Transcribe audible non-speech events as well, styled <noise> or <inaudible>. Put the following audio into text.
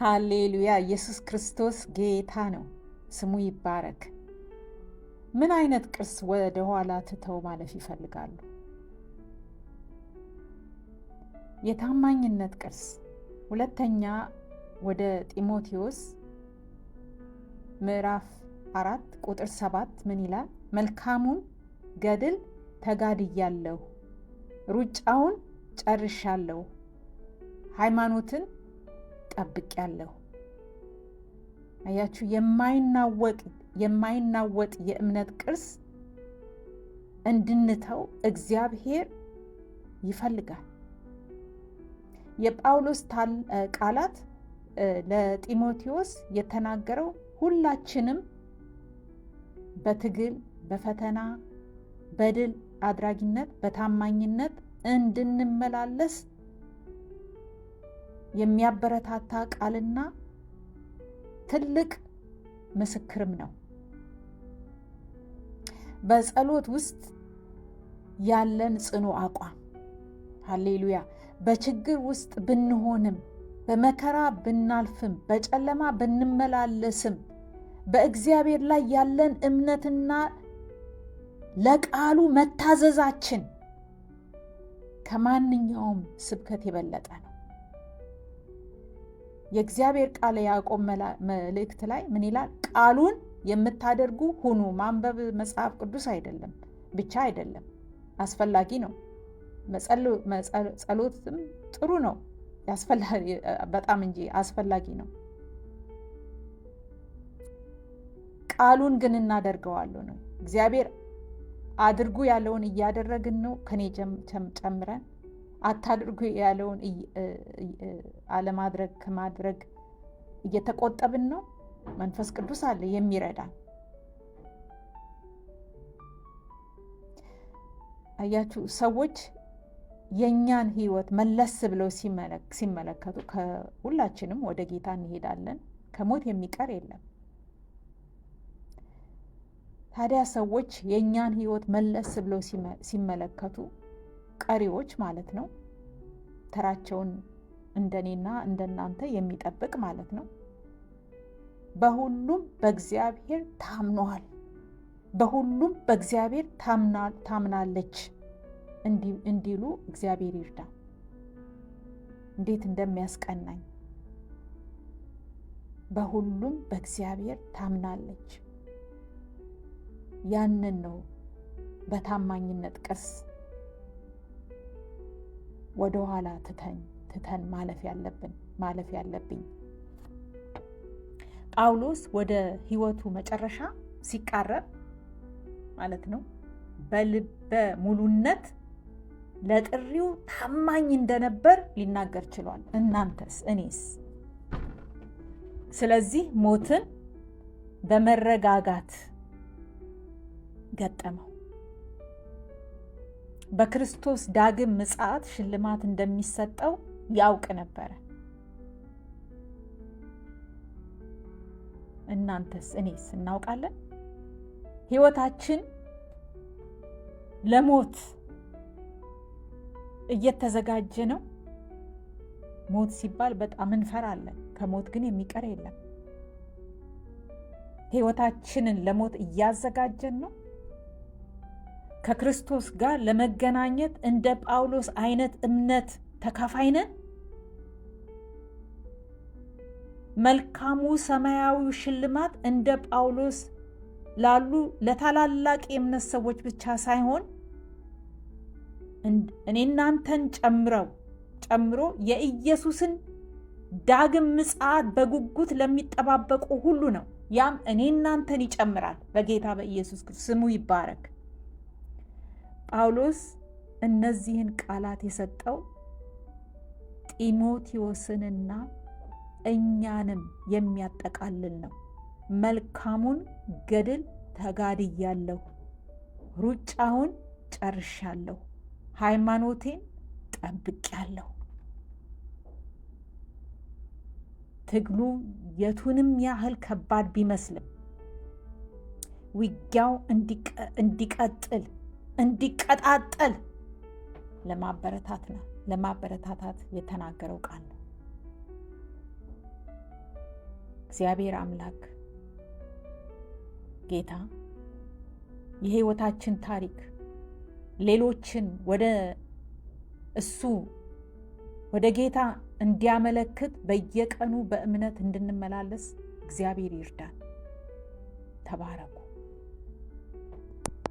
ሃሌሉያ! ኢየሱስ ክርስቶስ ጌታ ነው፣ ስሙ ይባረክ። ምን አይነት ቅርስ ወደ ኋላ ትተው ማለፍ ይፈልጋሉ? የታማኝነት ቅርስ። ሁለተኛ ወደ ጢሞቴዎስ ምዕራፍ አራት ቁጥር ሰባት ምን ይላል? መልካሙን ገድል ተጋድያለሁ፣ ሩጫውን ጨርሻለሁ፣ ሃይማኖትን ጠብቄያለሁ። አያችሁ፣ የማይናወቅ የማይናወጥ የእምነት ቅርስ እንድንተው እግዚአብሔር ይፈልጋል። የጳውሎስ ቃላት ለጢሞቴዎስ የተናገረው ሁላችንም በትግል በፈተና በድል አድራጊነት በታማኝነት እንድንመላለስ የሚያበረታታ ቃልና ትልቅ ምስክርም ነው። በጸሎት ውስጥ ያለን ጽኑ አቋም ሃሌሉያ። በችግር ውስጥ ብንሆንም፣ በመከራ ብናልፍም፣ በጨለማ ብንመላለስም በእግዚአብሔር ላይ ያለን እምነትና ለቃሉ መታዘዛችን ከማንኛውም ስብከት የበለጠ ነው። የእግዚአብሔር ቃል ያዕቆብ መልእክት ላይ ምን ይላል? ቃሉን የምታደርጉ ሁኑ። ማንበብ መጽሐፍ ቅዱስ አይደለም ብቻ አይደለም፣ አስፈላጊ ነው። ጸሎትም ጥሩ ነው፣ <laughs> በጣም እንጂ አስፈላጊ ነው። ቃሉን ግን እናደርገዋለሁ ነው። እግዚአብሔር አድርጉ ያለውን እያደረግን ነው። ከኔ ጨምረን አታድርጉ ያለውን አለማድረግ ከማድረግ እየተቆጠብን ነው። መንፈስ ቅዱስ አለ የሚረዳን። አያችሁ ሰዎች የእኛን ህይወት መለስ ብለው ሲመለከቱ ከሁላችንም ወደ ጌታ እንሄዳለን። ከሞት የሚቀር የለም። ታዲያ ሰዎች የእኛን ህይወት መለስ ብለው ሲመለከቱ ቀሪዎች ማለት ነው። ተራቸውን እንደኔና እንደናንተ የሚጠብቅ ማለት ነው። በሁሉም በእግዚአብሔር ታምኗል። በሁሉም በእግዚአብሔር ታምናለች እንዲሉ እግዚአብሔር ይርዳ። እንዴት እንደሚያስቀናኝ በሁሉም በእግዚአብሔር ታምናለች። ያንን ነው በታማኝነት ቅርስ ወደኋላ ትተን ትተን ማለፍ ያለብን ማለፍ ያለብኝ ጳውሎስ ወደ ህይወቱ መጨረሻ ሲቃረብ ማለት ነው በልበ ሙሉነት ለጥሪው ታማኝ እንደነበር ሊናገር ችሏል። እናንተስ? እኔስ? ስለዚህ ሞትን በመረጋጋት ገጠመው። በክርስቶስ ዳግም ምጽአት ሽልማት እንደሚሰጠው ያውቅ ነበረ። እናንተስ? እኔስ? እናውቃለን? ሕይወታችን ለሞት እየተዘጋጀ ነው። ሞት ሲባል በጣም እንፈራለን። ከሞት ግን የሚቀር የለም። ሕይወታችንን ለሞት እያዘጋጀን ነው። ከክርስቶስ ጋር ለመገናኘት እንደ ጳውሎስ አይነት እምነት ተካፋይ ነን? መልካሙ ሰማያዊው ሽልማት እንደ ጳውሎስ ላሉ ለታላላቅ የእምነት ሰዎች ብቻ ሳይሆን እኔ እናንተን ጨምረው ጨምሮ የኢየሱስን ዳግም ምጽአት በጉጉት ለሚጠባበቁ ሁሉ ነው። ያም እኔ እናንተን ይጨምራል። በጌታ በኢየሱስ ክርስቶስ ስሙ ይባረክ። ጳውሎስ እነዚህን ቃላት የሰጠው ጢሞቴዎስንና እኛንም የሚያጠቃልል ነው። መልካሙን ገድል ተጋድያለሁ፣ ሩጫውን ጨርሻለሁ፣ ሃይማኖቴን ጠብቄያለሁ። ትግሉ የቱንም ያህል ከባድ ቢመስልም ውጊያው እንዲቀጥል እንዲቀጣጠል ለማበረታት ነው ለማበረታታት የተናገረው ቃል ነው። እግዚአብሔር አምላክ ጌታ የህይወታችን ታሪክ ሌሎችን ወደ እሱ ወደ ጌታ እንዲያመለክት በየቀኑ በእምነት እንድንመላለስ እግዚአብሔር ይርዳን። ተባረኩ።